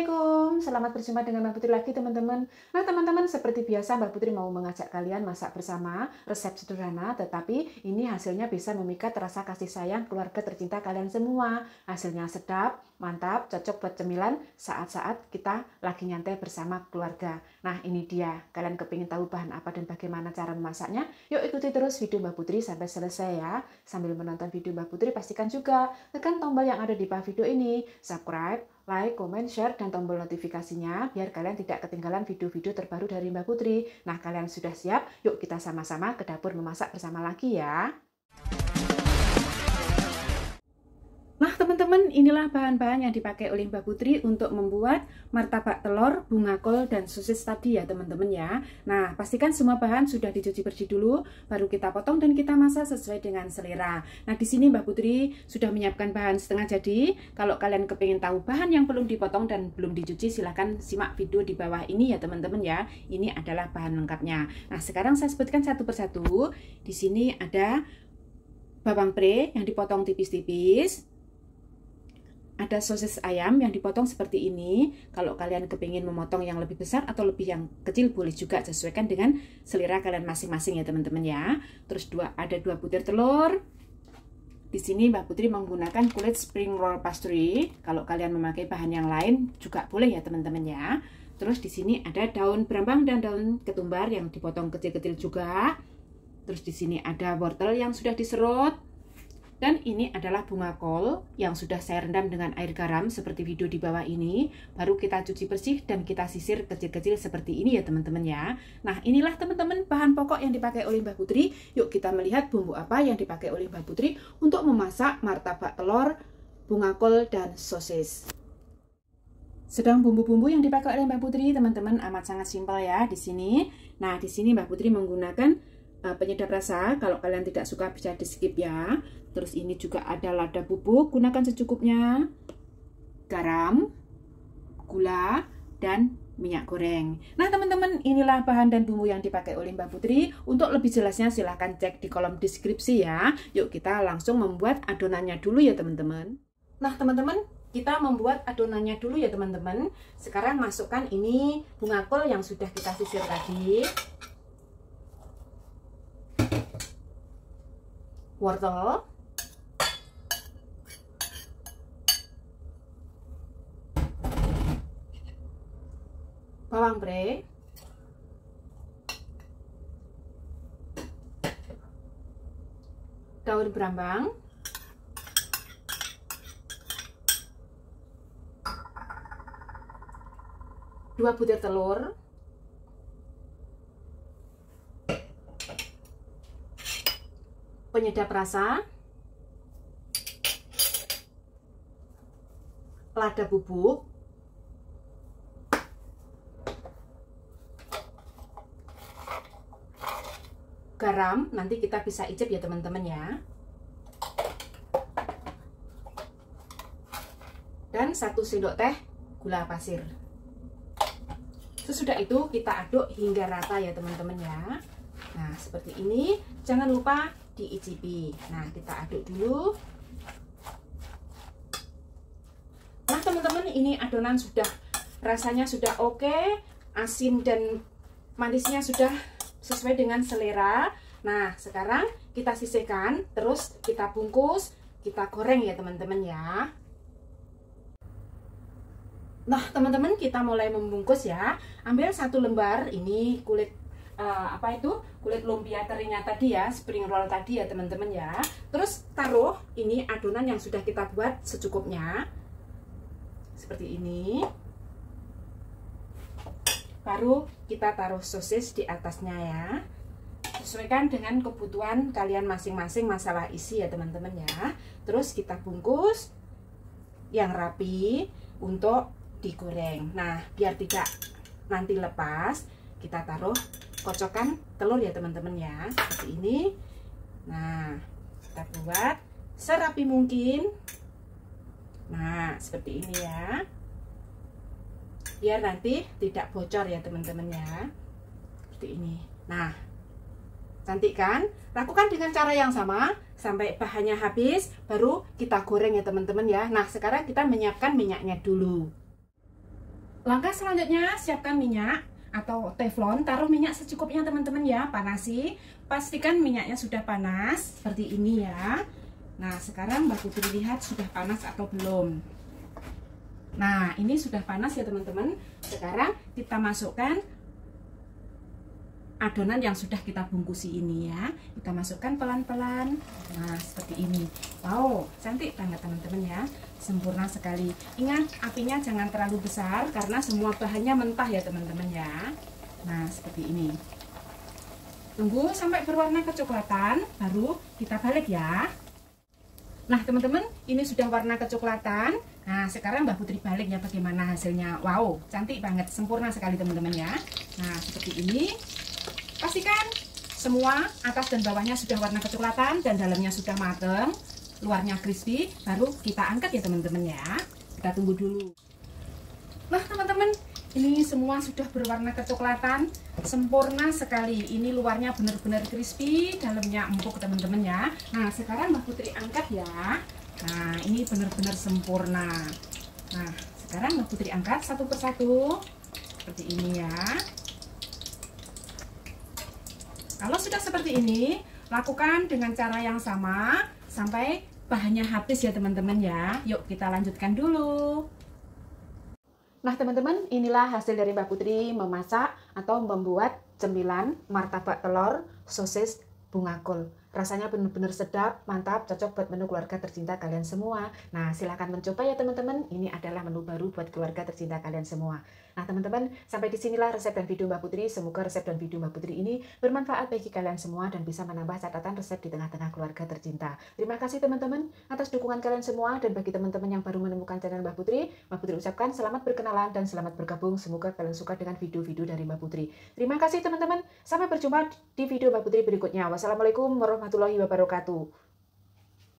Assalamualaikum, selamat berjumpa dengan Mbak Putri lagi teman-teman Nah teman-teman seperti biasa Mbak Putri mau mengajak kalian masak bersama resep sederhana Tetapi ini hasilnya bisa memikat rasa kasih sayang keluarga tercinta kalian semua Hasilnya sedap, mantap, cocok buat cemilan saat-saat kita lagi nyantai bersama keluarga Nah ini dia, kalian kepingin tahu bahan apa dan bagaimana cara memasaknya Yuk ikuti terus video Mbak Putri sampai selesai ya Sambil menonton video Mbak Putri pastikan juga tekan tombol yang ada di bawah video ini Subscribe like, comment, share, dan tombol notifikasinya biar kalian tidak ketinggalan video-video terbaru dari Mbak Putri. Nah, kalian sudah siap? Yuk kita sama-sama ke dapur memasak bersama lagi ya. Teman-teman, inilah bahan-bahan yang dipakai oleh Mbak Putri untuk membuat martabak telur, bunga kol, dan sosis tadi ya teman-teman ya. Nah, pastikan semua bahan sudah dicuci bersih dulu, baru kita potong dan kita masak sesuai dengan selera. Nah, di sini Mbak Putri sudah menyiapkan bahan setengah jadi. Kalau kalian kepingin tahu bahan yang belum dipotong dan belum dicuci, silahkan simak video di bawah ini ya teman-teman ya. Ini adalah bahan lengkapnya. Nah, sekarang saya sebutkan satu persatu. Di sini ada bawang pre yang dipotong tipis-tipis ada sosis ayam yang dipotong seperti ini. Kalau kalian kepingin memotong yang lebih besar atau lebih yang kecil boleh juga sesuaikan dengan selera kalian masing-masing ya teman-teman ya. Terus dua ada dua butir telur. Di sini Mbak Putri menggunakan kulit spring roll pastry. Kalau kalian memakai bahan yang lain juga boleh ya teman-teman ya. Terus di sini ada daun berambang dan daun ketumbar yang dipotong kecil-kecil juga. Terus di sini ada wortel yang sudah diserut. Dan ini adalah bunga kol yang sudah saya rendam dengan air garam seperti video di bawah ini. Baru kita cuci bersih dan kita sisir kecil-kecil seperti ini ya teman-teman ya. Nah inilah teman-teman bahan pokok yang dipakai oleh Mbak Putri. Yuk kita melihat bumbu apa yang dipakai oleh Mbak Putri untuk memasak martabak telur, bunga kol, dan sosis. Sedang bumbu-bumbu yang dipakai oleh Mbak Putri, teman-teman amat sangat simpel ya di sini. Nah, di sini Mbak Putri menggunakan eh, penyedap rasa. Kalau kalian tidak suka bisa di skip ya. Terus ini juga ada lada bubuk, gunakan secukupnya. Garam, gula, dan minyak goreng. Nah teman-teman inilah bahan dan bumbu yang dipakai oleh Mbak Putri. Untuk lebih jelasnya silahkan cek di kolom deskripsi ya. Yuk kita langsung membuat adonannya dulu ya teman-teman. Nah teman-teman kita membuat adonannya dulu ya teman-teman. Sekarang masukkan ini bunga kol yang sudah kita sisir tadi. Wortel. bawang bre daun berambang dua butir telur penyedap rasa lada bubuk garam nanti kita bisa icip ya teman-teman ya dan satu sendok teh gula pasir sesudah itu kita aduk hingga rata ya teman-teman ya nah seperti ini jangan lupa diicipi nah kita aduk dulu nah teman-teman ini adonan sudah rasanya sudah oke asin dan manisnya sudah sesuai dengan selera nah sekarang kita sisihkan terus kita bungkus kita goreng ya teman-teman ya Nah teman-teman kita mulai membungkus ya Ambil satu lembar ini kulit uh, apa itu kulit lumpia terinya tadi ya spring roll tadi ya teman-teman ya terus taruh ini adonan yang sudah kita buat secukupnya seperti ini baru kita taruh sosis di atasnya ya sesuaikan dengan kebutuhan kalian masing-masing masalah isi ya teman-teman ya terus kita bungkus yang rapi untuk digoreng nah biar tidak nanti lepas kita taruh kocokan telur ya teman-teman ya seperti ini nah kita buat serapi mungkin nah seperti ini ya biar nanti tidak bocor ya teman-teman ya seperti ini nah cantik kan lakukan dengan cara yang sama sampai bahannya habis baru kita goreng ya teman-teman ya nah sekarang kita menyiapkan minyaknya dulu langkah selanjutnya siapkan minyak atau teflon taruh minyak secukupnya teman-teman ya panasi pastikan minyaknya sudah panas seperti ini ya nah sekarang mbak putri lihat sudah panas atau belum Nah, ini sudah panas ya teman-teman. Sekarang kita masukkan adonan yang sudah kita bungkusi ini ya. Kita masukkan pelan-pelan. Nah, seperti ini. Wow, cantik banget teman-teman ya. Sempurna sekali. Ingat, apinya jangan terlalu besar karena semua bahannya mentah ya teman-teman ya. Nah, seperti ini. Tunggu sampai berwarna kecoklatan, baru kita balik ya. Nah, teman-teman, ini sudah warna kecoklatan. Nah, sekarang Mbak Putri balik ya bagaimana hasilnya. Wow, cantik banget, sempurna sekali teman-teman ya. Nah, seperti ini. Pastikan semua atas dan bawahnya sudah warna kecoklatan dan dalamnya sudah mateng, luarnya crispy, baru kita angkat ya teman-teman ya. Kita tunggu dulu. Nah, teman-teman, ini semua sudah berwarna kecoklatan, sempurna sekali. Ini luarnya benar-benar crispy, dalamnya empuk teman-teman ya. Nah, sekarang Mbak Putri angkat ya nah ini benar-benar sempurna nah sekarang Mbak Putri angkat satu persatu seperti ini ya kalau sudah seperti ini lakukan dengan cara yang sama sampai bahannya habis ya teman-teman ya yuk kita lanjutkan dulu Nah teman-teman inilah hasil dari Mbak Putri memasak atau membuat cemilan martabak telur sosis bunga kol. Rasanya benar-benar sedap, mantap, cocok buat menu keluarga tercinta kalian semua. Nah, silahkan mencoba ya teman-teman. Ini adalah menu baru buat keluarga tercinta kalian semua. Nah, teman-teman, sampai disinilah resep dan video Mbak Putri. Semoga resep dan video Mbak Putri ini bermanfaat bagi kalian semua dan bisa menambah catatan resep di tengah-tengah keluarga tercinta. Terima kasih teman-teman atas dukungan kalian semua dan bagi teman-teman yang baru menemukan channel Mbak Putri, Mbak Putri ucapkan selamat berkenalan dan selamat bergabung. Semoga kalian suka dengan video-video dari Mbak Putri. Terima kasih teman-teman. Sampai berjumpa di video Mbak Putri berikutnya. Wassalamualaikum warahmatullahi warahmatullahi wabarakatuh.